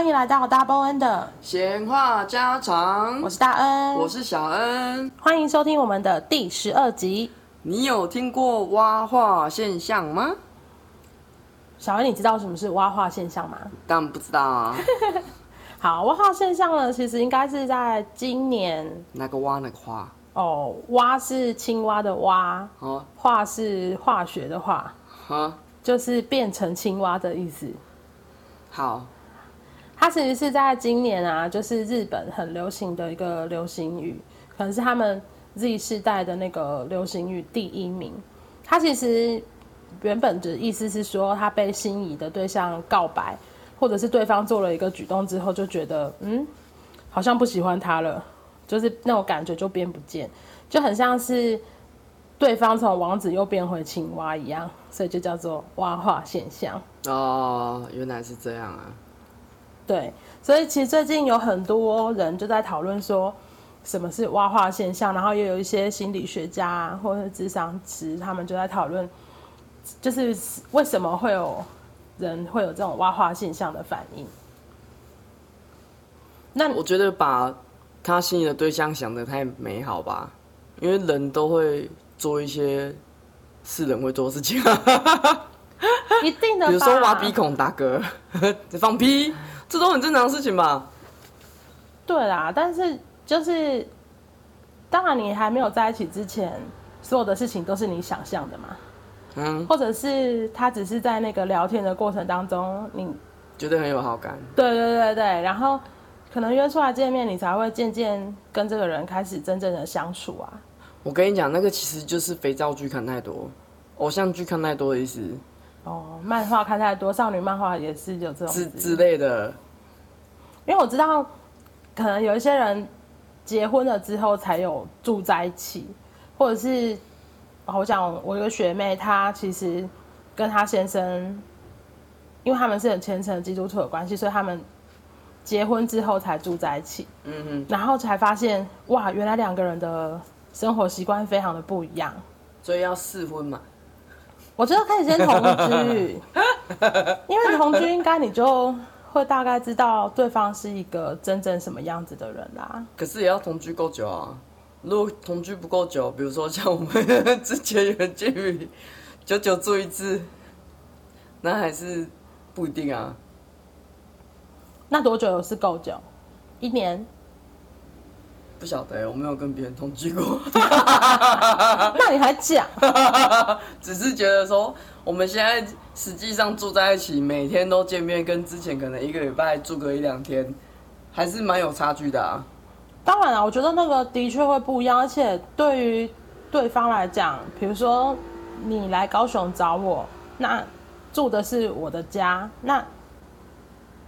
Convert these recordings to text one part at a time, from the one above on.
歡迎來到 Double N 的閒話家常，我是大恩，我是小恩，歡迎收聽我們的第十二集。你有聽過蛙化現象嗎？小恩，你知道什麼是蛙化現象嗎？當然不知道啊。 好，蛙化現象呢，其實應該是在今年。哪個蛙？哪個化？哦，蛙是青蛙的蛙，哦蛤，化是化學的化，蛤就是變成青蛙的意思。好。它其實是在今年啊，就是日本很流行的一個流行語，可能是他們 Z 世代的那個流行語第一名。它其實原本的意思是說，他被心儀的對象告白，或者是對方做了一個舉動之後，就覺得嗯，好像不喜歡他了，就是那種感覺就變不見，就很像是對方從王子又變回青蛙一樣，所以就叫做蛙化現象。哦，原來是這樣啊。對，所以其實最近有很多人就在討論說什麼是蛙化現象，然後也有一些心理學家、啊、或是諮商師他們就在討論，就是為什麼會有人會有這種蛙化現象的反應。那我覺得把他心裡的對象想得太美好吧，因為人都會做一些是人會做的事情啊， 一定的，比如說挖鼻孔、打嗝、放屁。這都很正常的事情吧？對啦，但是就是，當然你還沒有在一起之前，所有的事情都是你想象的嘛。嗯，或者是他只是在那個聊天的過程當中，你覺得很有好感。對對對對，然後可能約出來見面，你才會漸漸跟這個人開始真正的相處啊。我跟你講，那個其實就是肥皂劇看太多，偶像劇看太多的意思。哦，漫畫看太多，少女漫畫也是有這種之類之，之類的。因為我知道，可能有一些人結婚了之後才有住在一起，或者是，哦，我想我一個學妹，她其實跟她先生，因為他們是很虔誠的基督徒的關係，所以他們結婚之後才住在一起。嗯嗯哼，然後才發現，哇，原來兩個人的生活習慣非常的不一樣，所以要試婚嘛。我覺得可以先同居， 因為同居應該你就會大概知道對方是一個真正什麼樣子的人啦。可是也要同居夠久啊，如果同居不夠久，比如說像我們呵呵之前遠距離久久住一次，那還是不一定啊。那多久是夠久？一年？不曉得，我沒有跟別人同居過。 那你還講？ 只是覺得說，我們現在實際上住在一起，每天都見面，跟之前可能一個禮拜住個一兩天，還是蠻有差距的啊。當然了、啊，我覺得那個的確會不一樣，而且對於對方來講，比如說你來高雄找我，那住的是我的家，那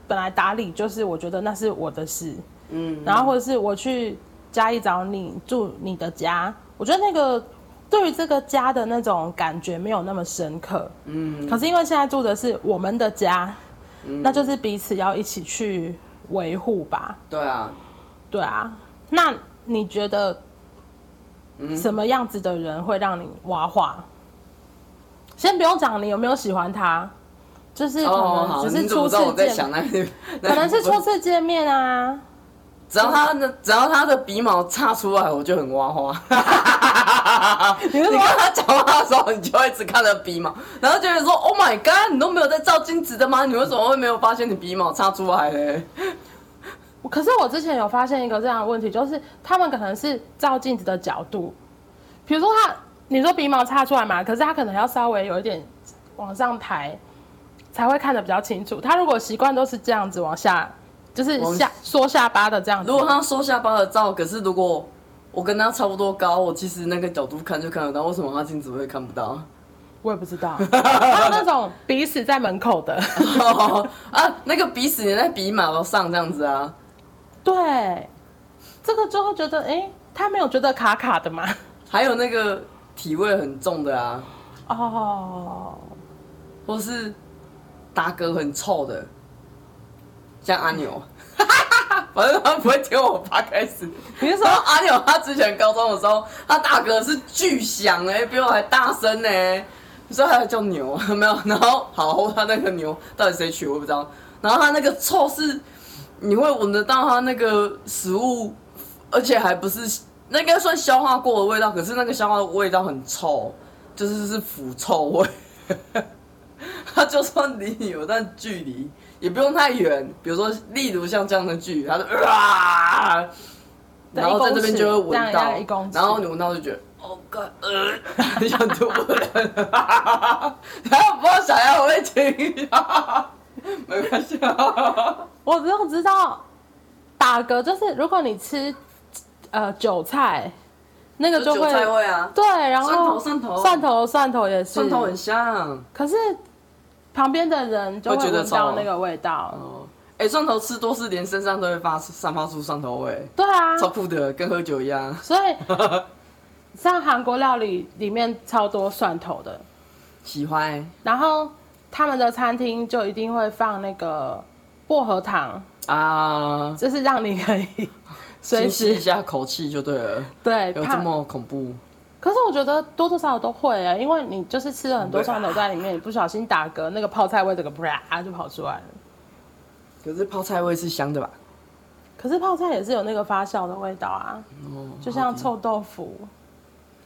本來打理就是我覺得那是我的事。嗯，嗯，然後或者是我去。加一找你住你的家，我覺得那個對於這個家的那種感覺沒有那麼深刻。嗯，可是因為現在住的是我們的家，嗯、那就是彼此要一起去維護吧。對啊，對啊。那你覺得什麼樣子的人會讓你蛙化？先不用講你有沒有喜歡他，就是可能只是初次見、哦、可能是初次見面啊。只要他的嘛只要他的鼻毛岔出來，我就很蛙化。 你跟他講話的時候，你就一直看他的鼻毛，然後就會說：“Oh my god，你都沒有在照鏡子的嗎？你為什麼會沒有發現你鼻毛岔出來嘞？”可是我之前有發現一個這樣的問題，就是他們可能是照鏡子的角度，比如說他，你說鼻毛岔出來嘛，可是他可能要稍微有一點往上抬，才會看得比較清楚。他如果習慣都是這樣子往下。就是下縮我下巴的這樣子。如果他縮下巴的照，可是如果我跟他差不多高，我其實那個角度看就看得到，為什麼他鏡子會看不到？我也不知道。還、 欸、有那種鼻屎在門口的。 啊，那個鼻屎連在鼻毛上這樣子啊。對，這個就會覺得，哎、欸，他沒有覺得卡卡的嗎？還有那個體味很重的啊。哦。Oh. 或是打嗝很臭的。像阿牛， 反正他不會聽我爸開始。你說阿牛，他之前高中的時候，他打嗝是巨響，哎、欸，比我還大聲呢、欸。所以他還叫牛有沒有？然後好，他那個牛到底誰取？我不知道。然後他那個臭是，你會聞得到他那個食物，而且還不是，那應該算消化過的味道，可是那個消化的味道很臭，就是是腐臭味。 他就算離你有段距離。也不用太遠，比如說，例如像這樣的距離他就，然後在這邊就會聞到，然後你聞到就覺得，我幹，想吐了，哈哈哈哈要想要我會親一下？沒關係，我只有知道打嗝就是如果你吃呃韭菜，那個就會，對，然後蒜頭，蒜頭，蒜頭也是，蒜頭很香，可是，旁邊的人就會聞到那個味道。哦、嗯，哎、欸，蒜頭吃多是連身上都會發散發出蒜頭味。對啊，超酷的，跟喝酒一樣。所以 像韓國料理裡面超多蒜頭的，喜歡。然後他們的餐廳就一定會放那個薄荷糖啊，uh、就是讓你可以清新一下口氣就對了。對，有這麼恐怖？可是我覺得多多少少都會啊，因為你就是吃了很多蒜頭在裡面，啊、你不小心打嗝，那個泡菜味整個啪啦就跑出來了。可是泡菜味是香的吧？可是泡菜也是有那個發酵的味道啊，哦、就像臭豆腐。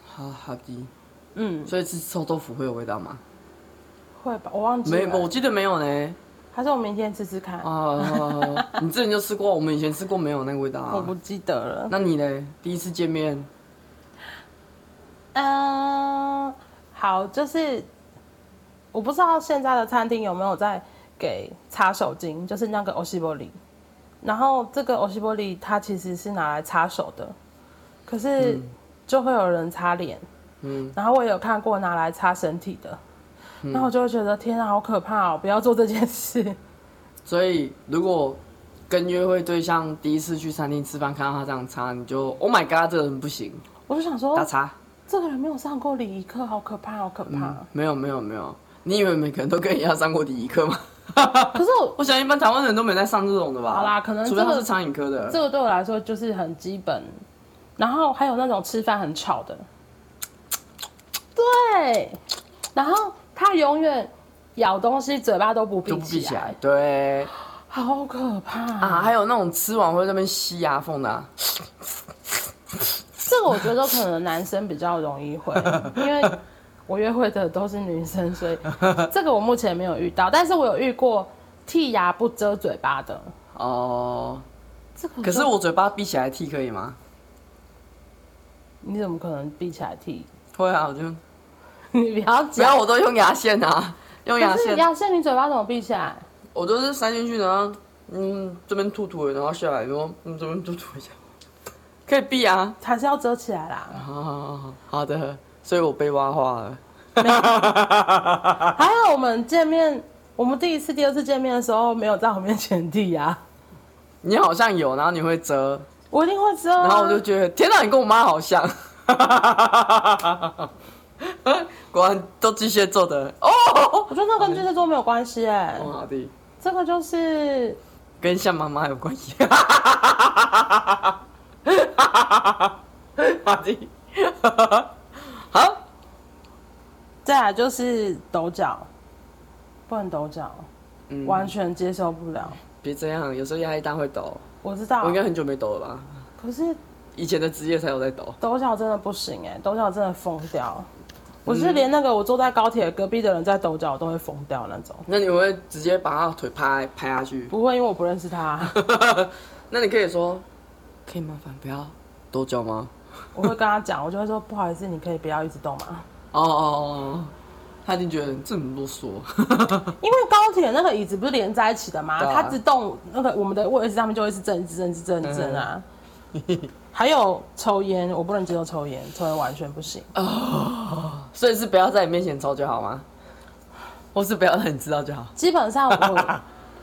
好，好，好的，嗯，所以吃臭豆腐會有味道嗎？會吧，我忘記了，沒，我記得沒有呢。還是我們明天吃吃看？啊、哦， 你之前就吃過，我們以前吃過沒有那個味道啊？我不記得了。那你咧？第一次見面。嗯，好，就是我不知道現在的餐廳有沒有在給擦手巾，就是那個おしぼり，然後這個おしぼり它其實是拿來擦手的，可是就會有人擦臉，嗯，然後我也有看過拿來擦身體的，嗯、那我就會覺得天啊，好可怕哦，不要做這件事。所以如果跟約會對象第一次去餐廳吃飯，看到他這樣擦，你就 Oh my God，這個人不行。我就想說打叉。這個人沒有上過禮儀課，好可怕，好可怕、嗯！沒有，沒有，沒有！你以為每個人都跟你一樣上過禮儀課嗎？ 可是我，我想一般台灣人都沒在上這種的吧？好啦，可能主要是餐飲科的。這個對我來說就是很基本。然後還有那種吃飯很吵的，對。然後他永遠咬東西，嘴巴都不閉，就不閉起來，對，好可怕啊，啊！還有那種吃完會在那邊吸牙縫的、啊。 這個我覺得可能男生比較容易會，因為我約會的都是女生，所以這個我目前沒有遇到。但是我有遇過剔牙不遮嘴巴的哦。呃、可是……我嘴巴閉起來剔可以嗎？你怎麼可能閉起來剔？會啊，我就你不要不要，我都用牙線啊，用牙線。牙線，你嘴巴怎麼閉起來？我都是塞進去，然後嗯，這邊吐吐，然後下來，然後嗯，這邊吐吐一下。可以避啊，還是要遮起來啦。啊、好好，好，好的，所以我被蛙化了。沒有 還好我們見面，我們第一次、第二次見面的時候沒有在我面前遞啊。你好像有，然後你會遮，我一定會遮。然後我就覺得，天哪，你跟我媽好像。 果然都巨蟹座的哦，哦、哦。我覺得那跟巨蟹座沒有關係哎、欸。的這個就是跟像媽媽有關係。 哈哈哈哈哈，好，再來就是抖腳，不能抖腳，嗯，完全接受不了。別這樣，有時候壓力大會抖。我知道，我應該很久沒抖了吧？可是以前的職業才有在抖。抖腳真的不行哎、欸，抖腳真的瘋掉了。我、嗯、是連那個我坐在高鐵隔壁的人在抖腳，我都會瘋掉那種。那你會直接把他腿拍拍下去？不會，因為我不認識他。 那你可以說。可以麻煩不要抖腳嗎？我會跟他講，我就會說不好意思，你可以不要一直動嗎？哦哦哦，oh, oh, oh, oh. 他已經覺得這麼囉嗦。 因為高鐵那個椅子不是連在一起的嗎？啊、他只動，那個我們的位置上面就會是震震震震震震啊。嗯、還有抽菸，我不能接受抽菸，抽菸完全不行。哦，所以是不要在你面前抽就好嗎？或是不要讓你知道就好。基本上我會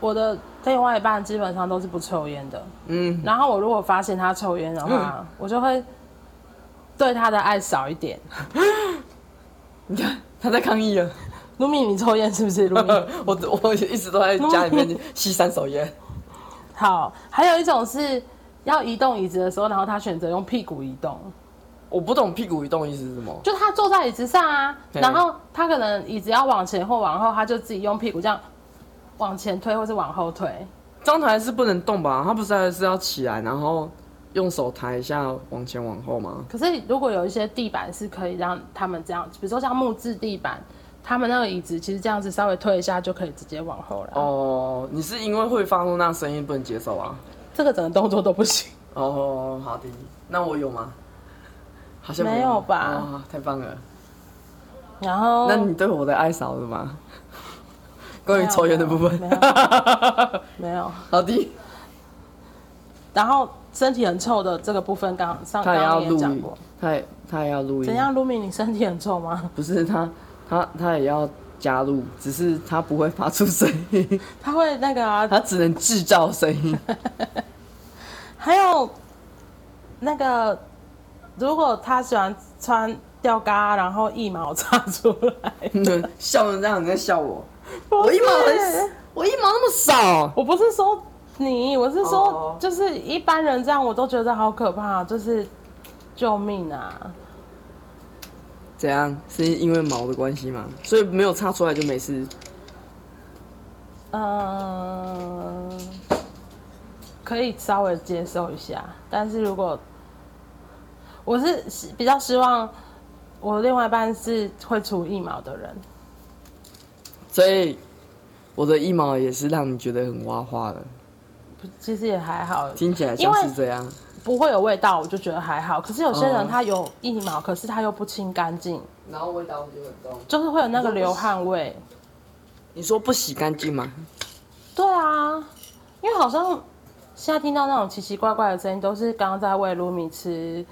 我的。另外一半基本上都是不抽菸的，嗯。然後我如果發現他抽菸的話，嗯、我就會對他的愛少一點。你看 他在抗議了，露米，你抽菸是不是？露米， 我我一直都在家裡面吸三手菸。 好，還有一種是要移動椅子的時候，然後他選擇用屁股移動。我不懂屁股移動意思是什麼？就他坐在椅子上啊，Okay. 然後他可能椅子要往前或往後，他就自己用屁股這樣。往前推或是往後推，張台是不能動吧？它不是還是要起來，然後用手抬一下，往前往後嗎？可是如果有一些地板是可以讓他們這樣，比如說像木質地板，他們那個椅子其實這樣子稍微推一下就可以直接往後了。哦，你是因為會發出那聲音不能接受啊？這個整個動作都不行。哦，好的，那我有嗎？好像沒有，沒有吧，哦？太棒了！然後，那你對我的愛少了嗎？關於抽煙的部分，沒有老弟。 的然後身體很臭的這個部分剛，剛上他也要錄音，他他也要錄音。怎樣，Lumi，你身體很臭嗎？不是他，他他也要加入，只是他不會發出聲音，他會那個、啊，他只能製造聲音。 還有那個，如果他喜歡穿吊嘎，然後腋毛插出來，笑成這樣，你在笑我？我一毛很，我一毛那麼少，我不是說你，我是說，就是一般人這樣我都覺得好可怕，就是救命啊！怎樣？是因為毛的關係嗎？所以沒有擦出來就沒事？嗯、uh，可以稍微接受一下，但是如果我是比較希望，我另外一半是會出一毛的人。所以我的腋毛也是讓你覺得很蛙化的？其實也還好，聽起來就是這樣，不會有味道，我就覺得還好。可是有些人他有腋毛，哦、可是他又不清乾淨，然後味道就會很重，就是會有那個流汗味。說你說不洗乾淨嗎？ 對啊，因為好像現在聽到那種奇奇怪怪的聲音，都是剛剛在餵盧米吃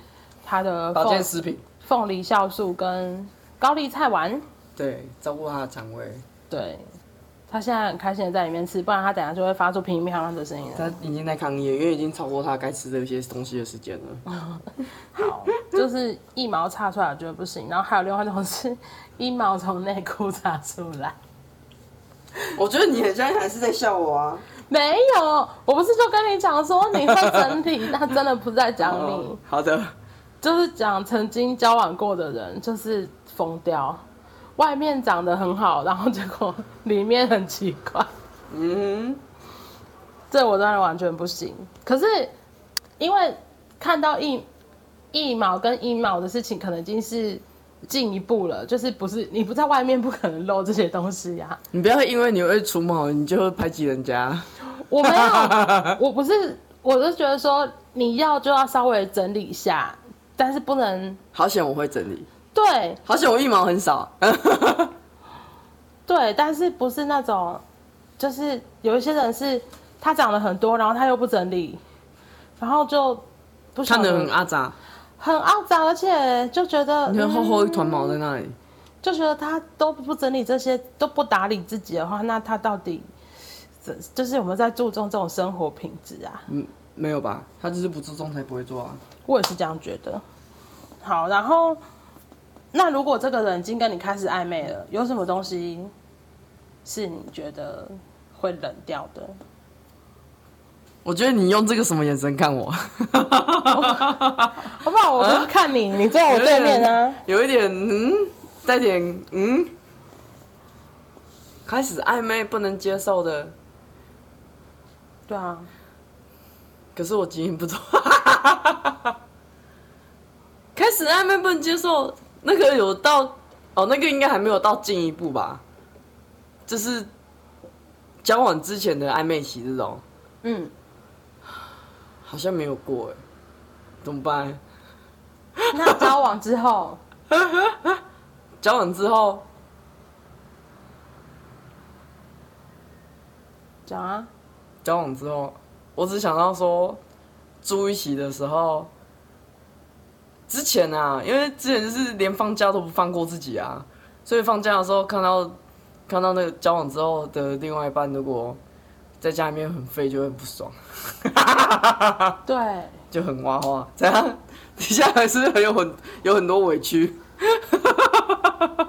他的保健食品——鳳梨酵素跟高麗菜丸，對，照顧它的腸胃。對，他現在很開心的在裡面吃，不然他等下就會發出乒乒乓乓的聲音。他已經在抗議，因為已經超過他該吃這些東西的時間了。 好，就是一毛插出來我覺得不行，然後還有另外一種是，一毛從內褲插出來。我覺得你很像還是在笑我啊？ 沒有，我不是就跟你講說你在整理， 那真的不在講你。Oh, 好的，就是講曾經交往過的人，就是瘋掉。外面長得很好，然後結果裡面很奇怪。嗯，這我當然完全不行。可是因為看到腋、腋毛跟腋毛的事情，可能已經是進一步了。就是不是你不在外面，不可能漏這些東西呀、啊。你不要因為你會除毛，你就會排擠人家。我沒有，我不是，我是覺得說你要就要稍微整理一下，但是不能。好險我會整理。對，而且我一毛很少。 對，但是不是那種，就是有一些人是他長了很多，然後他又不整理，然後就不顯得很阿雜，很阿雜，而且就覺得你看厚厚一團毛在那裡。嗯，就覺得他都不整理這些，都不打理自己的話，那他到底，就是有沒有在注重這種生活品質啊？嗯，沒有吧？他就是不注重才不會做啊。我也是這樣覺得。好，然後，那如果這個人已經跟你開始曖昧了，Yeah. 有什麼東西是你覺得會冷掉的？我覺得你用這個什麼眼神看我、 oh？好不好？我是看你，你在我對面啊，有一點，有一點嗯，帶點嗯，開始曖昧不能接受的。對啊，可是我基因不錯。 開始曖昧不能接受。那個有到哦，那個應該還沒有到進一步吧，就是交往之前的曖昧期這種，嗯，好像沒有過哎，怎麼辦？那交往之後， 交往之後，講啊，交往之後，我只想到說住一起的時候。之前啊，因為之前就是連放假都不放過自己啊，所以放假的時候看到，看到那個交往之後的另外一半如果在家裡面很廢，就會很不爽。 對，就很蛙化這樣，底下還是很有很有很多委屈。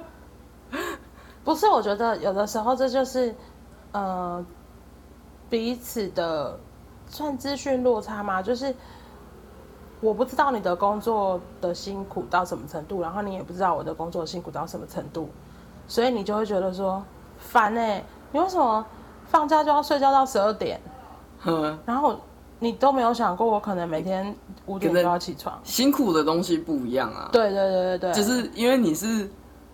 不是，我覺得有的時候這就是呃彼此的算資訊落差嘛，就是。我不知道你的工作的辛苦到什麼程度，然後你也不知道我的工作辛苦到什麼程度，所以你就會覺得說煩呢、欸？你為什麼放假就要睡覺到十二點？呵呵，然後你都沒有想過我可能每天五點是就要起床。辛苦的東西不一樣啊。對對對對對。就是因為你是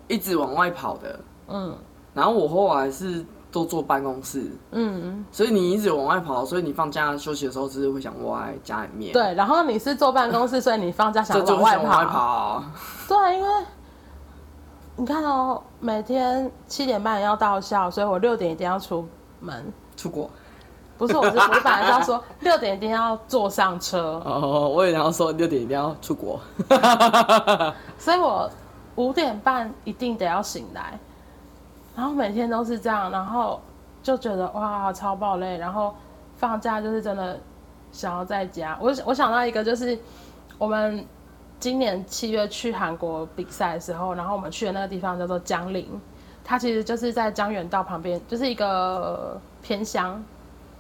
一直往外跑的，嗯。然後我後來是。都坐辦公室，嗯，所以你一直往外跑，所以你放假休息的時候只是會想窩在家裡面。對，然後你是坐辦公室，所以你放假想往外跑。 外跑對，因為你看哦，每天七點半要到校，所以我六點一定要出門出國。不是，我是我是本來是要說 六點一定要坐上車。哦，我也然後說六點一定要出國， 所以我五點半一定得要醒來。然後每天都是這樣，然後就覺得哇，超爆累。然後放假就是真的想要在家。我我想到一個，就是我們今年七月去韓國比賽的時候，然後我們去的那個地方叫做江陵，它其實就是在江原道旁邊，就是一個偏鄉，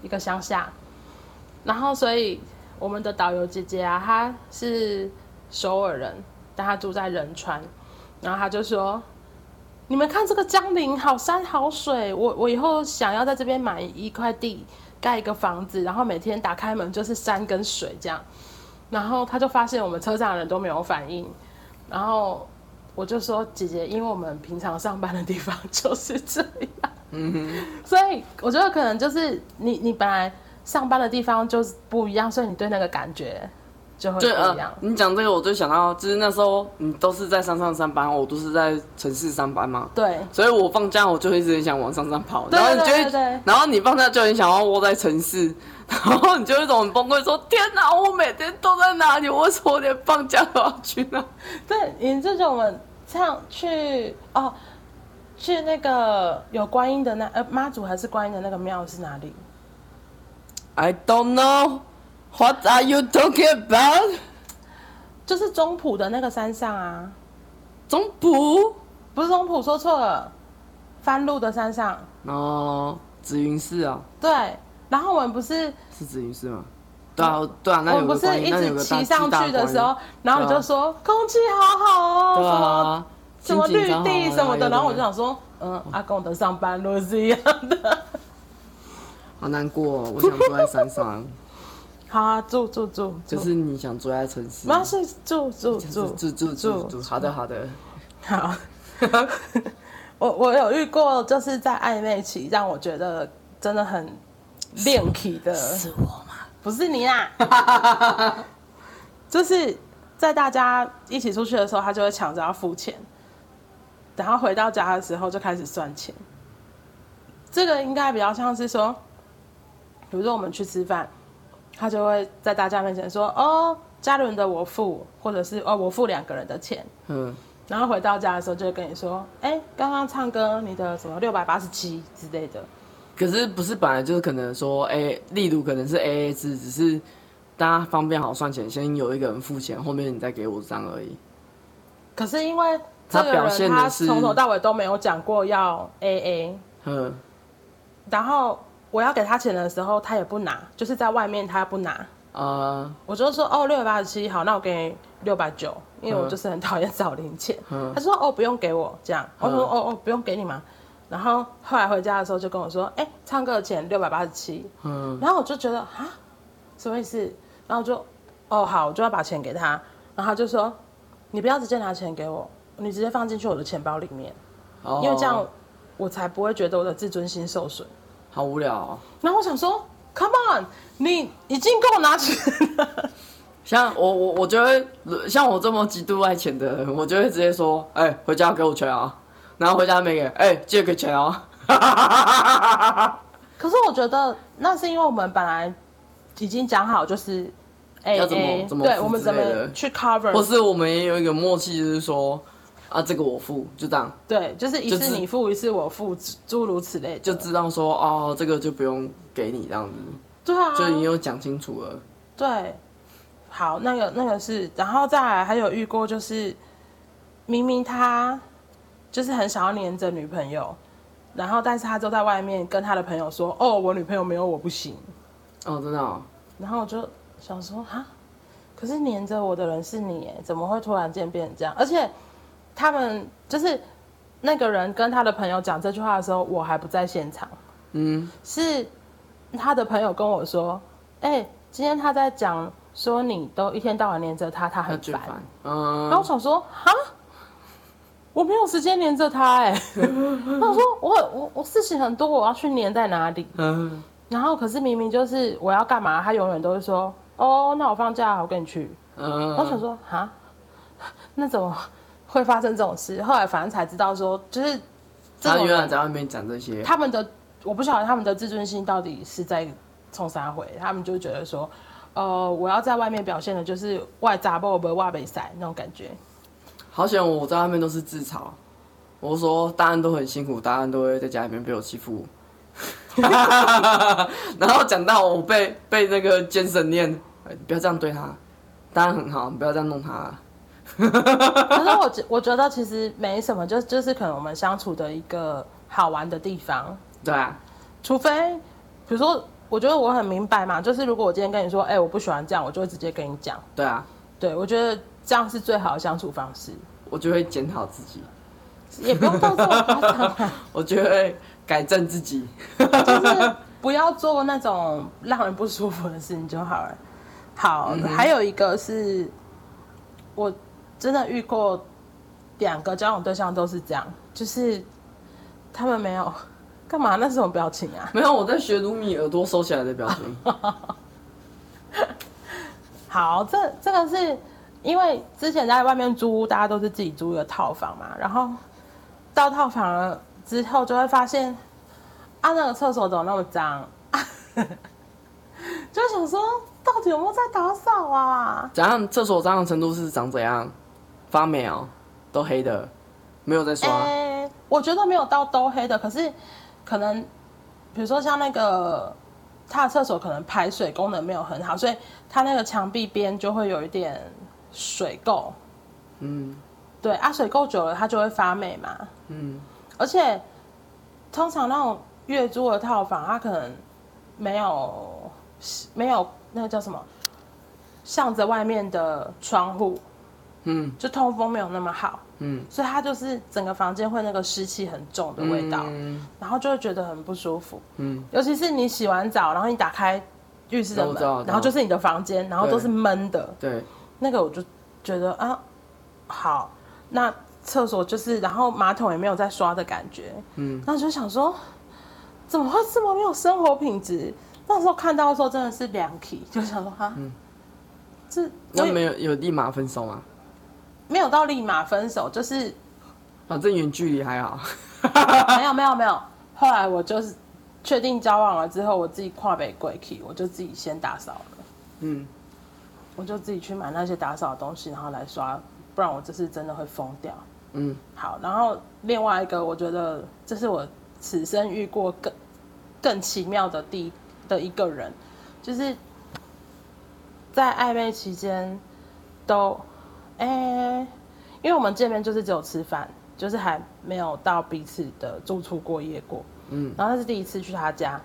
一個鄉下。然後所以我們的導遊姐姐啊，她是首爾人，但她住在仁川，然後她就說。你們看這個江陵，好山好水。我我以後想要在這邊買一塊地，蓋一個房子，然後每天打開門就是山跟水這樣。然後他就發現我們車上的人都沒有反應，然後我就說，姐姐，因為我們平常上班的地方就是這樣，嗯哼，所以我覺得可能就是你你本來上班的地方就不一樣，所以你對那個感覺。就對啊、呃，你講這個，我就想到，就是那時候，你都是在山上上班，我都是在城市上班嘛。對。所以我放假，我就會一直很想往山上跑。然後你放假就很想要窩在城市，然後你就一種很崩潰，說：“天哪，我每天都在哪裡？我為什麼連放假都要去那。”對，你這種像去哦，去那個有觀音的那呃媽祖還是觀音的那個廟是哪裡？I don't know。What are you talking about？就是中埔的那個山上啊，中埔不是中埔，說錯了，番路的山上。哦，紫雲寺啊。對，然後我們不是是紫雲寺嗎？對啊，對啊，那我不是一直騎上去的時候，然後你就說空氣好好哦，什麼什麼綠地什麼的，然後我就想說，嗯，阿公的上班路是一樣的，好難過，我想坐在山上。好、啊，住住住，住就是你想住在城市嗎？是住住住住住住住。好的好的，好的。好 我我有遇過，就是在曖昧期，讓我覺得真的很練氣的是，是我嗎？不是你啦， 就是在大家一起出去的時候，他就會搶着要付錢，然後回到家的時候就開始算錢。這個應該比較像是說，比如說我們去吃飯。他就會在大家面前說：“哦，嘉倫的我付，或者是哦，我付兩個人的錢。”嗯，然後回到家的時候就會跟你說：“哎、欸，剛剛唱歌，你的什麼六百八十七之類的。”可是不是本來就是可能說，哎，例如可能是 AA 制，只是大家方便好算錢，先有一個人付錢，後面你再給我賬而已。可是因為他表現他從頭到尾都沒有講過要 AA。嗯，然後。我要給他錢的時候，他也不拿，就是在外面他也不拿。啊，uh, 我就說，哦，六百八十七，好，那我給你六百九，因為我就是很討厭找零錢。Uh, 他就說，哦，不用給我這樣。Uh, 我說，哦哦，不用給你嘛。然後後來回家的時候就跟我說，哎、欸，唱歌的錢六百八十七。嗯。Uh, 然後我就覺得啊，什麼意思？然後就，哦，好，我就要把錢給他。然後他就說，你不要直接拿錢給我，你直接放進去我的錢包裡面，uh. 因為這樣我才不會覺得我的自尊心受損。好無聊、哦。啊。那我想說，Come on，你已經給我拿錢了。像我我我就會，像我這麼極度愛錢的人，我就會直接說，哎、欸，回家給我錢啊！然後回家沒給，哎、欸，借給錢啊！ 可是我覺得，那是因為我們本來已經講好，就是，哎，要怎麼怎麼，AA, 對，我們怎麼去 cover，或是我們也有一個默契，就是說。啊，這個我付，就這樣。對，就是一次你付，一次我付，就是、諸如此類，就知道說哦，這個就不用給你這樣子。對啊，就已經有講清楚了。對，好，那個那個是，然後再來還有遇過就是，明明他就是很想要黏着女朋友，然後但是他就在外面跟他的朋友說：“哦，我女朋友沒有，我不行。”哦，真的哦。然後我就想說啊，可是黏着我的人是你誒，怎麼會突然間變成這樣？而且。他們就是那個人跟他的朋友講這句話的時候，我還不在現場。嗯，是他的朋友跟我說：“哎、欸，今天他在講說你都一天到晚黏着他，他很煩。啊，最煩。”嗯，然後我想說：“哈，我沒有時間黏着他欸。”哎，那我說：“我我我事情很多，我要去黏在哪裡？”嗯，然後可是明明就是我要幹嘛，他永遠都是說：“哦，那我放假，我跟你去。”嗯，嗯，然後我想說：“哈，那怎麼？”會發生這種事，後來反正才知道說，就是他原來在外面講這些，他們的我不曉得他們的自尊心到底是在衝啥回，他們就覺得說，呃，我要在外面表現的，就是外咋蹦不外被塞那種感覺。好險我在外面都是自嘲，我說，大人都很辛苦，大人都會在家裡面被我欺負。 然後講到我被被那個健身念、欸，不要這樣對他，大人很好，不要這樣弄他。 可是我覺我覺得其實沒什麼，就就是可能我們相處的一個好玩的地方，對啊。除非，比如說，我覺得我很明白嘛，就是如果我今天跟你說，哎、欸，我不喜歡這樣，我就會直接跟你講，對啊。對，我覺得這樣是最好的相處方式，我就會檢討自己， 也不用動手，我不想，我就會改正自己， 就是不要做那種讓人不舒服的事情就好了。好，嗯、還有一個是我。真的遇過，兩個交往對象都是這樣，就是他們沒有幹嘛？那是什麼表情啊？沒有，我在學盧米耳朵收起來的表情。 好，這這個是因為之前在外面租屋，大家都是自己租一個套房嘛，然後到套房了之後就會發現啊，那個廁所怎麼那麼髒？ 就想說，到底有沒有在打掃啊？怎樣？廁所髒的程度是長怎樣？發霉哦，都黑的，沒有在刷啊，欸。我覺得沒有到都黑的，可是可能，比如說像那個，他的廁所可能排水功能沒有很好，所以他那個牆壁邊就會有一點水垢。嗯，對，啊水垢久了它就會發霉嘛。嗯，而且通常那種月租的套房，它可能沒有沒有那個叫什麼，向着外面的窗戶。嗯，就通風沒有那麼好，嗯，所以它就是整個房間會那個濕氣很重的味道，嗯，然後就會覺得很不舒服，嗯，尤其是你洗完澡，然後你打開浴室的門，然後就是你的房間，然後都是悶的對，對，那個我就覺得啊，好，那廁所就是，然後馬桶也沒有在刷的感覺，嗯，那就想說怎麼會這麼沒有生活品質？那時候看到的時候真的是兩體，就想說啊，哈嗯、這那沒有有立馬分手嗎？沒有到立馬分手，就是反正、哦、遠距離還好。 沒有沒有沒有。後來我就是確定交往了之後，我自己看不過去，我就自己先打掃了。嗯，我就自己去買那些打掃的東西，然後來刷，不然我這次真的會瘋掉。嗯，好。然後另外一個，我覺得這是我此生遇過更更奇妙的第的一個人，就是在曖昧期間都。哎、欸，因為我們見面就是只有吃飯，就是還沒有到彼此的住處過夜過。嗯，然後他是第一次去他家，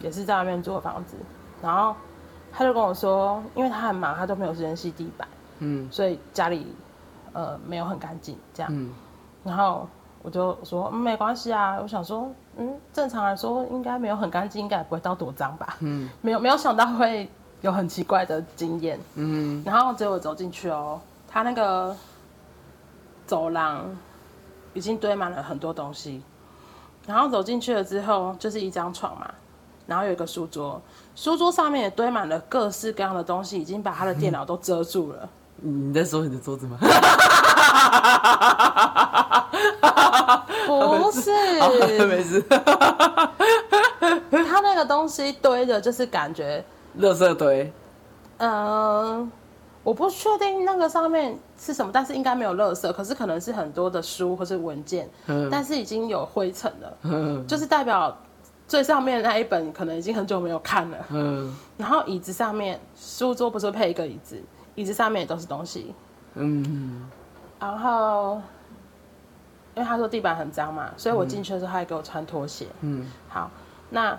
也是在外面租的房子。然後他就跟我說，因為他很忙，他都沒有時間洗地板。嗯，所以家裡呃沒有很乾淨這樣。嗯，然後我就說沒關係啊，我想說嗯，正常來說應該沒有很乾淨，應該不會到多髒吧。嗯，沒有沒有想到會有很奇怪的經驗。嗯，然後結果我走進去哦。他那個走廊已經堆滿了很多東西，然後走進去了之後，就是一張床嘛，然後有一個書桌，書桌上面也堆滿了各式各樣的東西，已經把他的電腦都遮住了。你在說你的桌子嗎？ 不是，沒事。他事 那個東西堆着，就是感覺……垃圾堆。嗯。我不確定那個上面是什麼，但是應該沒有垃圾，可是可能是很多的書或是文件，嗯、但是已經有灰塵了，嗯、就是代表最上面那一本可能已經很久沒有看了。嗯、然後椅子上面，書桌不是配一個椅子，椅子上面也都是東西。嗯，然後因為他說地板很髒嘛，所以我進去的時候他還給我穿拖鞋。嗯，嗯好，那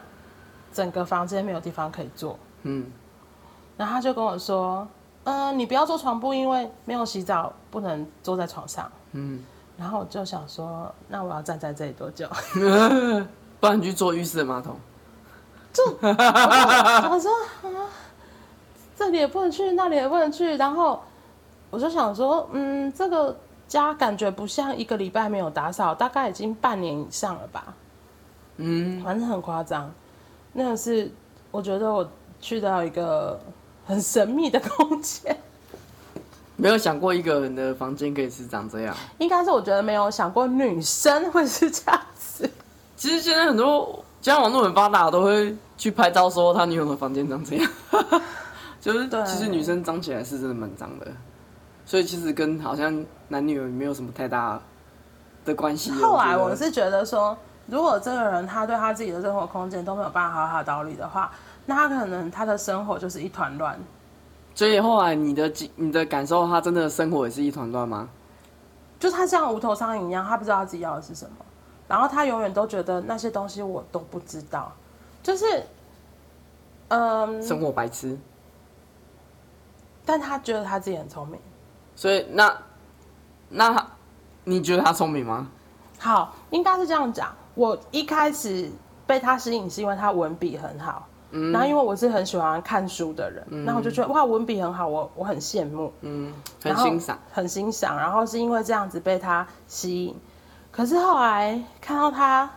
整個房間沒有地方可以坐。嗯，然後他就跟我說。呃，你不要坐床鋪，因為沒有洗澡，不能坐在床上。嗯，然後我就想說，那我要站在這裡多久？ 不然你去坐浴室的馬桶。坐。我想說啊，這裡也不能去，那裡也不能去。然後我就想說，嗯，這個家感覺不像一個禮拜沒有打掃，大概已經半年以上了吧。嗯，反正很誇張。那個是我覺得我去到一個。很神秘的空間，沒有想過一個人的房間可以是長這樣。應該是我覺得沒有想過女生會是這樣子。其實現在很多，現在網絡很發達，都會去拍照說他女友的房間長這樣。 就是對，其實女生髒起來是真的蠻髒的，所以其實跟好像男女沒有什麼太大的關係的。後來我是覺得說，如果這個人他對他自己的生活空間都沒有辦法好好打理的話。他可能他的生活就是一團亂，所以後來你的你的感受，他真的生活也是一團亂嗎？就他像無頭蒼蠅一樣，他不知道他自己要的是什麼，然後他永遠都覺得那些東西我都不知道，就是嗯，生活白痴，但他覺得他自己很聰明，所以那那他你覺得他聰明嗎？好，應該是這樣講，我一開始被他吸引是因為他文筆很好。然後，因為我是很喜歡看書的人，嗯，然後我就覺得哇，文筆很好，我我很羨慕，嗯，很欣賞，很欣賞，然後是因為這樣子被他吸引。可是後來看到他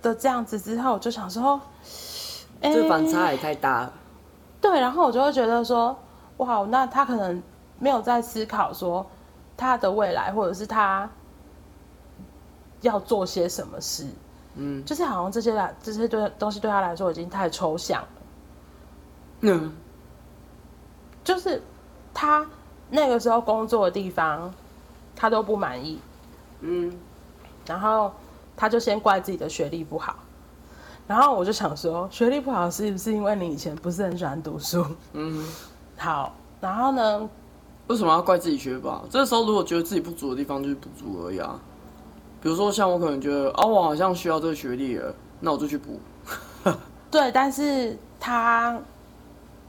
的這樣子之後，我就想說，哎，這反差也太大了，哎。對，然後我就會覺得說，哇，那他可能沒有在思考說他的未來，或者是他要做些什麼事。嗯，就是好像這些來這些對東西對他來說已經太抽象了。嗯，就是他那個時候工作的地方，他都不滿意。嗯，然後他就先怪自己的學歷不好，然後我就想說，學歷不好是不是因為你以前不是很喜歡讀書？嗯哼，好，然後呢，為什麼要怪自己學不好？這個時候如果覺得自己不足的地方，就是補足而已啊。比如說，像我可能覺得啊，我好像需要這個學歷了，那我就去補。 對，但是他，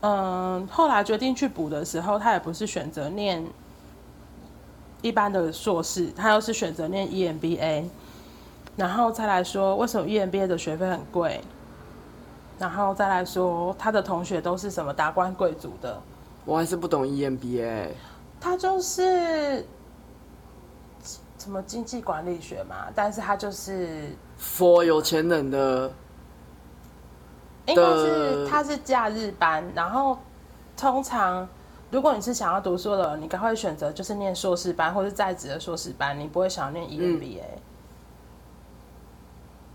嗯，後來決定去補的時候，他也不是選擇念一般的碩士，他又是選擇念 EMBA。然後再來說，為什麼 EMBA 的學費很貴？然後再來說，他的同學都是什麼達官貴族的。我還是不懂 EMBA。他就是。什麼經濟管理學嘛，但是他就是，for 有錢人的，應該是他是假日班，然後通常如果你是想要讀書的人，你可能會選擇就是念碩士班或者在職的碩士班，你不會想要念 EMBA，嗯，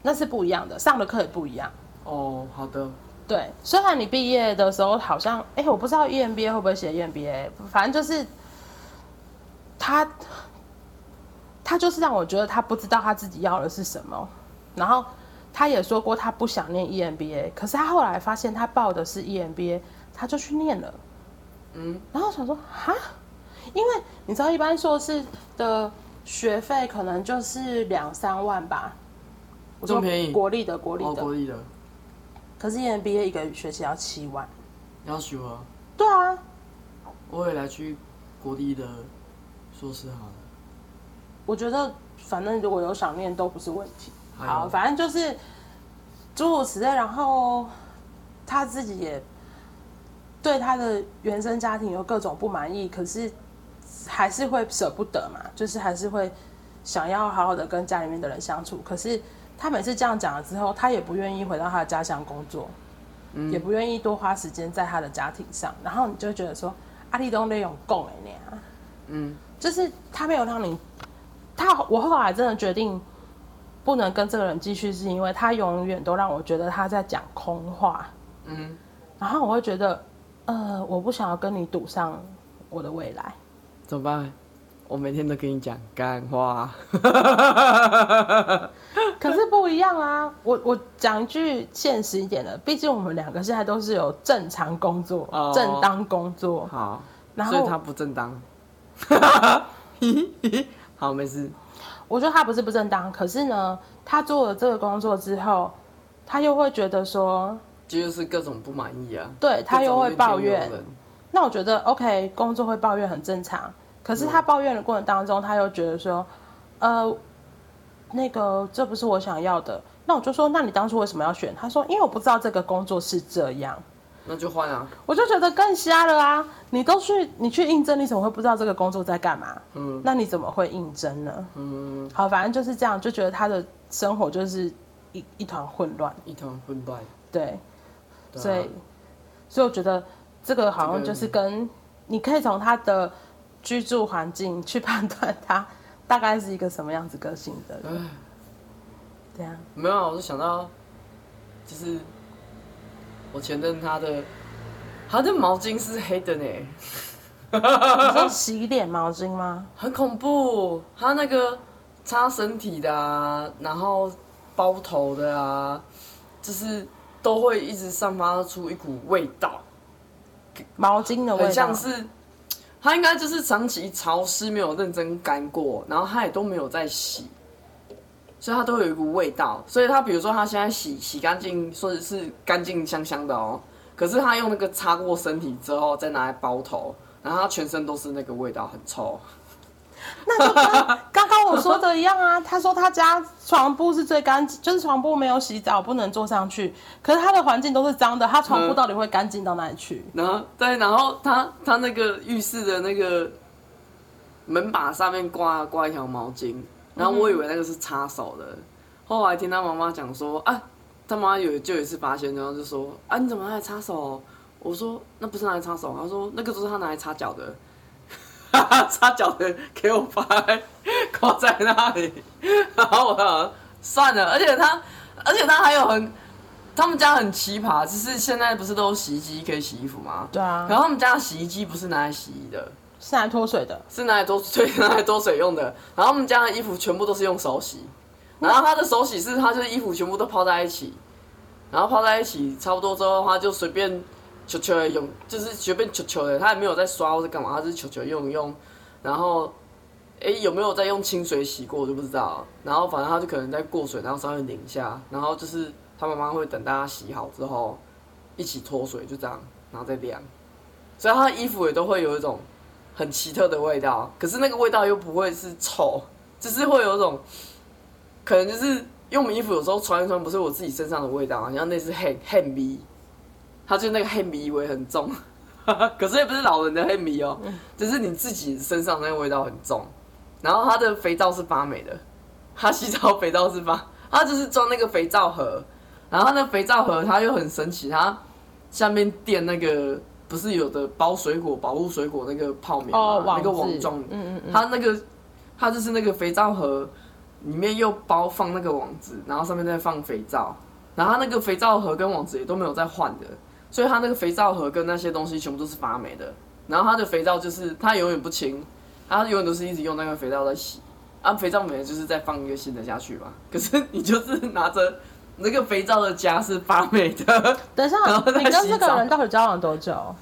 那是不一樣的，上的課也不一樣。哦，好的，對，雖然你畢業的時候好像，哎、欸，我不知道 EMBA 會不會寫 EMBA，反正就是他。他就是讓我覺得他不知道他自己要的是什麼，然後他也說過他不想念 EMBA，可是他後來發現他報的是 EMBA，他就去念了。嗯，然後想說哈，因為你知道一般碩士的學費可能就是兩三萬吧，這麼便宜國，國立的國立的國立的，可是 EMBA 一個學期要七萬，要學啊？對啊，我也來去國立的碩士好了。我覺得，反正如果有想念都不是問題。好，哎呦，反正就是，諸如此類。然後他自己也對他的原生家庭有各種不滿意，可是還是會舍不得嘛，就是還是會想要好好的跟家裡面的人相處。可是他每次這樣講了之後，他也不願意回到他的家鄉工作，嗯、也不願意多花時間在他的家庭上。然後你就覺得說，阿立東對有供，哎呀，嗯，就是他沒有讓你。他我後來真的決定不能跟這個人繼續，是因為他永遠都讓我覺得他在講空話。嗯，然後我會覺得，呃，我不想要跟你賭上我的未來。怎麼辦？我每天都跟你講幹話。 可是不一樣啊！我我講一句現實一點的，畢竟我們兩個現在都是有正常工作、哦、正當工作。好，然後，所以他不正當。 好，沒事。我覺得他不是不正當，可是呢，他做了這個工作之後，他又會覺得說，就是各種不滿意啊。對，他又會抱怨。那我覺得 OK，工作會抱怨很正常。可是他抱怨的過程當中，他又覺得說，哇呃，那個這不是我想要的。那我就說，那你當初為什麼要選？他說，因為我不知道這個工作是這樣。那就換啊！我就覺得更瞎了啊！你都去，你去應徵，你怎麼會不知道這個工作在幹嘛？嗯，那你怎麼會應徵呢？嗯，好，反正就是這樣，就覺得他的生活就是一一團混亂，一團混亂，對，對啊，所以，所以我覺得這個好像就是跟你可以從他的居住環境去判斷他大概是一個什麼樣子個性的人。對啊，唉，這樣。沒有，我就想到，就是。我前任他的，他的毛巾是黑的呢。 你說洗臉毛巾嗎？很恐怖，他那個擦身體的啊，然後包頭的啊，就是都會一直散發出一股味道，毛巾的味道，很像是他應該就是長期潮濕，沒有認真乾過，然後他也都沒有再洗。所以它都有一股味道，所以他比如說他現在洗洗乾淨，說是乾淨香香的哦，可是他用那個擦過身體之後再拿來包頭，然後他全身都是那個味道，很臭。那就跟 剛剛我說的一樣啊。 他說他家床鋪是最乾淨，就是床鋪沒有洗澡不能坐上去，可是他的環境都是髒的，他床鋪到底會乾淨到哪裡去？嗯、然後對，然後他他那個浴室的那個門把上面掛掛一條毛巾。然後我以為那個是擦手的，後來聽他媽媽講說，啊，他媽有就有一次發現，然後就說，啊，你怎麼拿來擦手，我說那不是拿來擦手，他說那個都是他拿來擦腳的，哈哈，擦腳的給我拍，掛在那裡， 然後我說算了，而且他，而且他還有很，他們家很奇葩，就是現在不是都有洗衣機可以洗衣服嗎？對啊，然後他們家的洗衣機不是拿來洗衣的。是，水的是拿來脫水的，是拿來脫水、拿來脫水用的。然後我們家的衣服全部都是用手洗，然後他的手洗是他就是衣服全部都泡在一起，然後泡在一起差不多之後，他就隨便球球的用，就是隨便球球的，他也沒有在刷或者幹嘛，他是球球用一用。然後，哎、欸，有沒有在用清水洗過我就不知道。然後反正他就可能在過水，然後稍微擰一下，然後就是他媽媽會等大家洗好之後一起脫水，就這樣，然後再晾。所以他的衣服也都會有一種。很奇特的味道，可是那個味道又不會是臭，只、就是會有一種，可能就是用衣服有時候穿一穿，不是我自己身上的味道，好像那是黑黑黴，他就那個黑黴味很重，可是也不是老人的黑黴哦，只、就是你自己身上的那個味道很重。然後他的肥皂是發霉的，他洗澡肥皂是發，他就是裝那個肥皂盒，然後那肥皂盒它又很神奇，它下面墊那個。不是有的包水果保護水果那個泡棉，oh, 那個網狀，嗯嗯嗯，它那個它就是那個肥皂盒，裡面又包放那個網子，然後上面再放肥皂，然後它那個肥皂盒跟網子也都沒有再換的，所以它那個肥皂盒跟那些東西全部都是發霉的，然後它的肥皂就是它永遠不清，它永遠都是一直用那個肥皂在洗，啊，肥皂沒了就是再放一個新的下去嘛，可是你就是拿着。那個肥皂的家是發霉的。等一下，你跟這個人到底交往多久？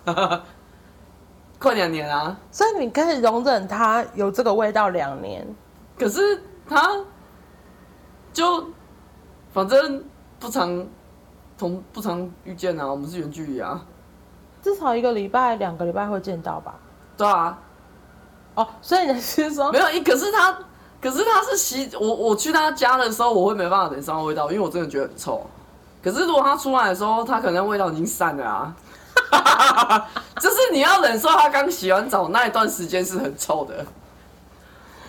快兩年啊。所以你可以容忍他有這個味道兩年？可是他就反正不常同，不常遇見啊。我們是遠距離啊，至少一個禮拜、兩個禮拜會見到吧？對啊。哦，所以你是說沒有？可是他。 可是他是洗我，我去他家的時候，我會沒辦法忍受味道，因為我真的覺得很臭。可是如果他出來的時候，他可能味道已經散了啊。 就是你要忍受他剛洗完澡那一段時間是很臭的。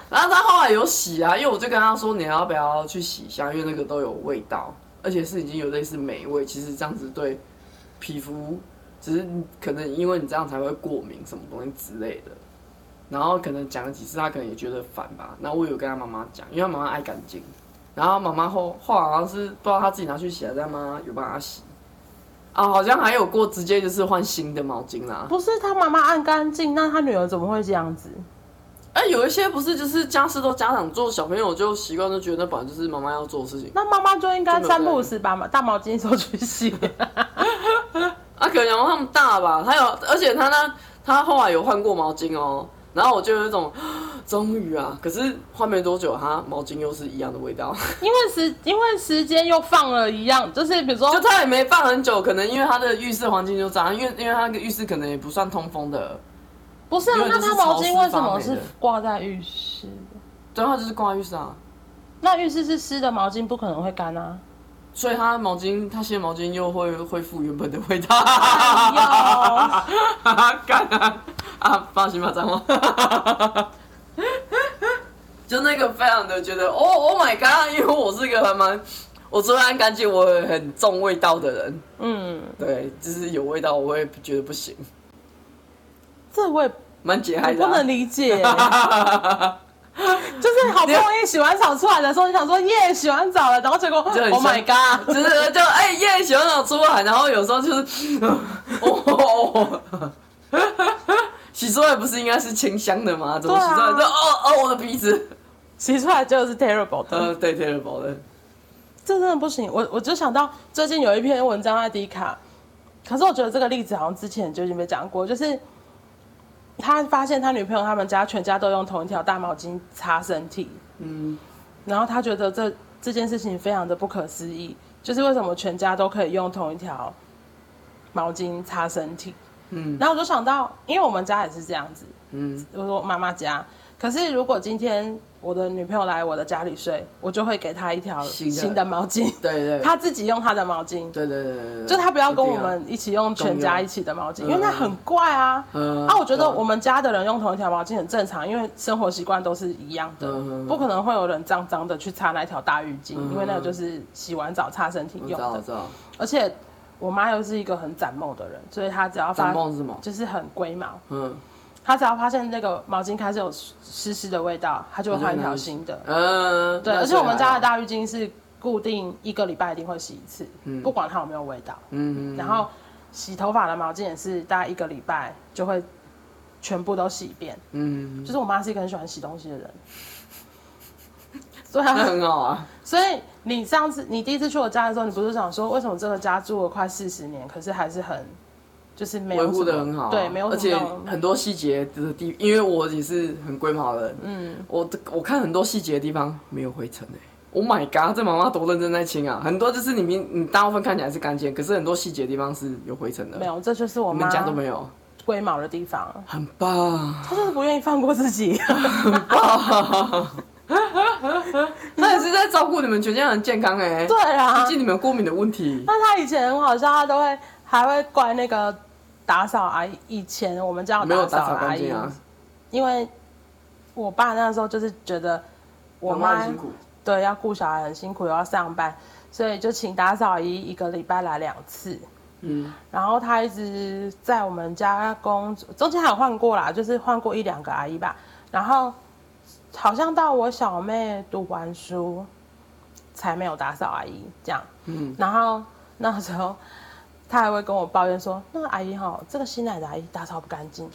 然後他後來有洗啊，因為我就跟他說你要不要去洗一下，因為那個都有味道，而且是已經有類似霉味。其實這樣子對皮膚，只是可能因為你這樣才會過敏什麼東西之類的。然後可能講了幾次，他可能也覺得煩吧。那我有跟他媽媽講，因為他媽媽愛乾淨。然後媽媽後後來好像是不知道他自己拿去洗了，但媽媽有幫她洗。啊，好像還有過直接就是換新的毛巾啦、啊。不是他媽媽愛乾淨，那他女兒怎麼會這樣子？哎、欸，有一些不是就是家事都家長做，小朋友就習慣就覺得那本來就是媽媽要做的事情。那媽媽就應該三不五時把大毛巾收去洗。 啊，可能他們大吧，他有，而且他呢他後來有換過毛巾哦。然後我就有一種，終於啊！可是換沒多久，它毛巾又是一樣的味道。因為時因為時間又放了一樣，就是比如說，就它也沒放很久，可能因為它的浴室環境就髒，因為因為它的浴室可能也不算通風的。不是啊，是那它毛巾為什麼是掛在浴室的？對，它就是掛浴室啊。那浴室是濕的，毛巾不可能會乾啊。所以它毛巾，它洗的毛巾又會恢復原本的味道。哎、呦 幹啊！啊，放心吧，張昊，就那個非常的覺得，哦 oh,，Oh my God，因為我是一個還蠻，我雖然感覺我很重味道的人，嗯，對，就是有味道我會覺得不行，這我也蠻解的、啊，我不能理解， 就是好不容易洗完澡出來的時候， 你想說耶，洗完澡了，然後結果 Oh my God，就是就哎耶，欸、yeah, 洗完澡出來，然後有時候就是，呃、哦。哦哦 洗出來不是應該是清香的嗎？怎麼洗出來就哦哦我的鼻子，洗出來就是 terrible 的。對，terrible 的。嗯，這真的不行。我我就想到最近有一篇文章在迪卡。可是我覺得這個例子好像之前就已經被講過，就是他發現他女朋友他們家全家都用同一條大毛巾擦身體。嗯。然後他覺得這這件事情非常的不可思議，就是為什麼全家都可以用同一條毛巾擦身體？嗯，然後我就想到，因為我們家也是這樣子，嗯，我說媽媽家，可是如果今天我的女朋友來我的家裡睡，我就會給她一條新的毛巾，對對，她 自己用她的毛巾，對對對對對，就她不要跟我們一起用全家一起的毛巾，因為那很怪啊，嗯嗯、啊，我覺得我們家的人用同一條毛巾很正常，因為生活習慣都是一樣的，嗯嗯、不可能會有人髒髒的去擦那條大浴巾，嗯、因為那個就是洗完澡擦身體用的，嗯、而且。我媽又是一個很展夢的人，所以她只要發展夢是什麼就是很龜毛。嗯呵，她只要發現那個毛巾開始有濕濕的味道，她就會換一條新的。那那對嗯，對，而且我們家的大浴巾是固定一個禮拜一定會洗一次，嗯、不管它有沒有味道。嗯，嗯嗯，然後洗頭髮的毛巾也是大概一個禮拜就會全部都洗一遍。嗯，嗯就是我媽是一個很喜歡洗東西的人，嗯嗯、所以她很好啊。所以。你上次你第一次去我家的時候，你不是想說為什麼這個家住了快四十年，可是還是很，就是沒有維護的很好，啊，對，沒有，而且很多細節的地，因為我也是很龜毛的人，嗯，我我看很多細節的地方沒有灰塵誒、欸、Oh my god，這媽媽多認真在清啊，很多就是你明你大部分看起來是乾淨，可是很多細節的地方是有灰塵的，沒有，這就是我媽，我們家都沒有龜毛的地方，很棒，啊，他就是不願意放過自己， 很棒，啊。 他也是在照顧你們全家人健康哎、欸，對啊，畢竟你們過敏的問題。那他以前好像他都會還會怪那個打掃阿姨。以前我們家有沒有打掃阿姨啊，因為我爸那時候就是覺得我媽辛苦，對，要顧小孩很辛苦，又要上班，所以就請打掃阿姨一個禮拜來兩次。嗯，然後他一直在我們家工作中間還有換過啦，就是換過一兩個阿姨吧，然後。好像到我小妹讀完書，才沒有打掃阿姨這樣。嗯，然後那時候，她還會跟我抱怨說：“那個阿姨吼，這個新來的阿姨打掃不乾淨。”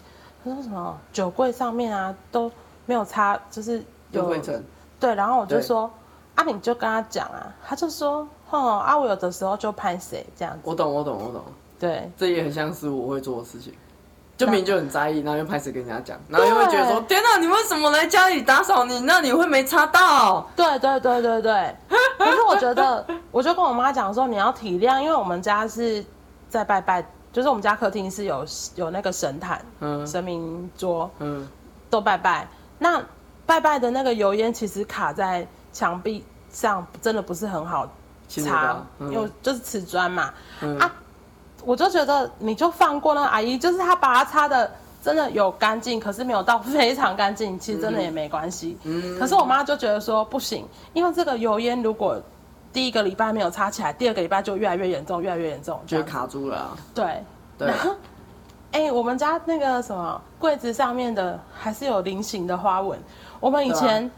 她說什麼？酒櫃上面啊都沒有擦，就是有灰塵。對，然後我就說：“阿敏對，啊、你就跟他講啊。”他就說：“哦，阿、啊、我有的時候就派誰這樣子。”我，我，我懂，我懂，我懂。對，這也很像是我會做的事情。就明明就很在意，然後又開始跟人家講，然後又會覺得說：“對天哪、啊，你為什麼來家裡打掃？你那你會沒擦到？”對對對對對。 可是我覺得，我就跟我媽講說：“你要體諒，因為我們家是在拜拜，就是我們家客廳是有有那個神壇、嗯，神明桌，嗯，都拜拜。那拜拜的那個油煙其實卡在牆壁上，真的不是很好擦，嗯、因為就是瓷磚嘛、嗯啊我就覺得你就放過那個阿姨，就是她把它擦的真的有乾淨，可是沒有到非常乾淨，其實真的也沒關係、嗯。嗯。可是我媽就覺得說不行，因為這個油煙如果第一個禮拜沒有擦起來，第二個禮拜就越來越嚴重，越來越嚴重，就卡住了、啊。對對。然後哎對、欸，我們家那個什麼櫃子上面的還是有菱形的花紋，我們以前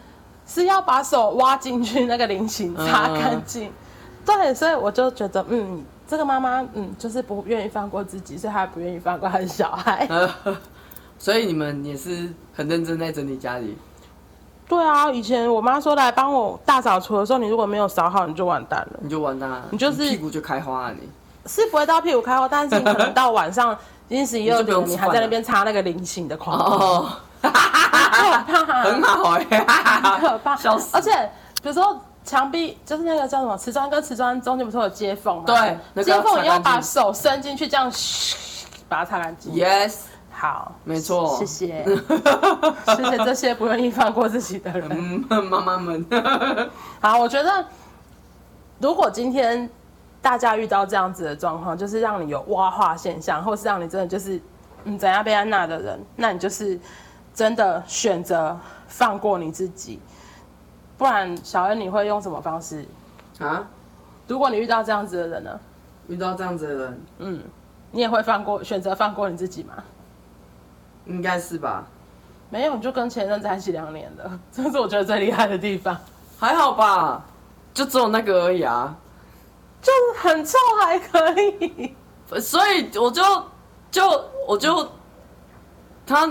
是要把手挖進去那個菱形擦乾淨。嗯、對，所以我就覺得嗯。這個媽媽，嗯，就是不願意放過自己，所以她不願意放過她的小孩、呃。所以你們也是很認真在整理家裡。對啊，以前我媽說來幫我大掃除的時候，你如果沒有掃好，你就完蛋了。你就完蛋，了。你就是你屁股就開花、啊，你。是不會到屁股開花，但是你可能到晚上 已經十一二點，你，你還在那邊擦那個菱形的框，框。哦，哈哈很好耶、欸， 很可怕，笑死，而且比如說。牆壁就是那個叫什麼瓷磚跟瓷磚中間不是有接縫嗎？對，那個、接縫縫你要把手伸進去，淨這樣噓噓把它擦乾淨。Yes，好，沒錯錯，謝謝， 謝謝這些不願意放過自己的人，媽媽、嗯、們。 好，我覺得如果今天大家遇到這樣子的狀況，就是讓你有蛙化現象，或是讓你真的就是嗯，怎樣被安娜的人，那你就是真的選擇放過你自己。不然，小 n 你會用什麼方式啊？如果你遇到這樣子的人呢？遇到這樣子的人，嗯，你也會放過，選擇放過你自己嗎？應該是吧。沒有，我就跟前任在一起兩年了，這是我覺得最厲害的地方。還好吧，就只有那個而已啊。就很臭，還可以。所以我就就我就他。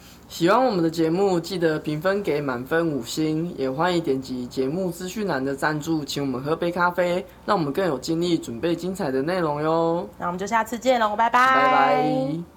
喜歡我們的節目，記得評分給滿分五星，也歡迎點擊節目資訊欄的贊助，請我們喝杯咖啡，讓我們更有精力準備精彩的內容喲。那我們就下次見嘍，拜拜。拜拜。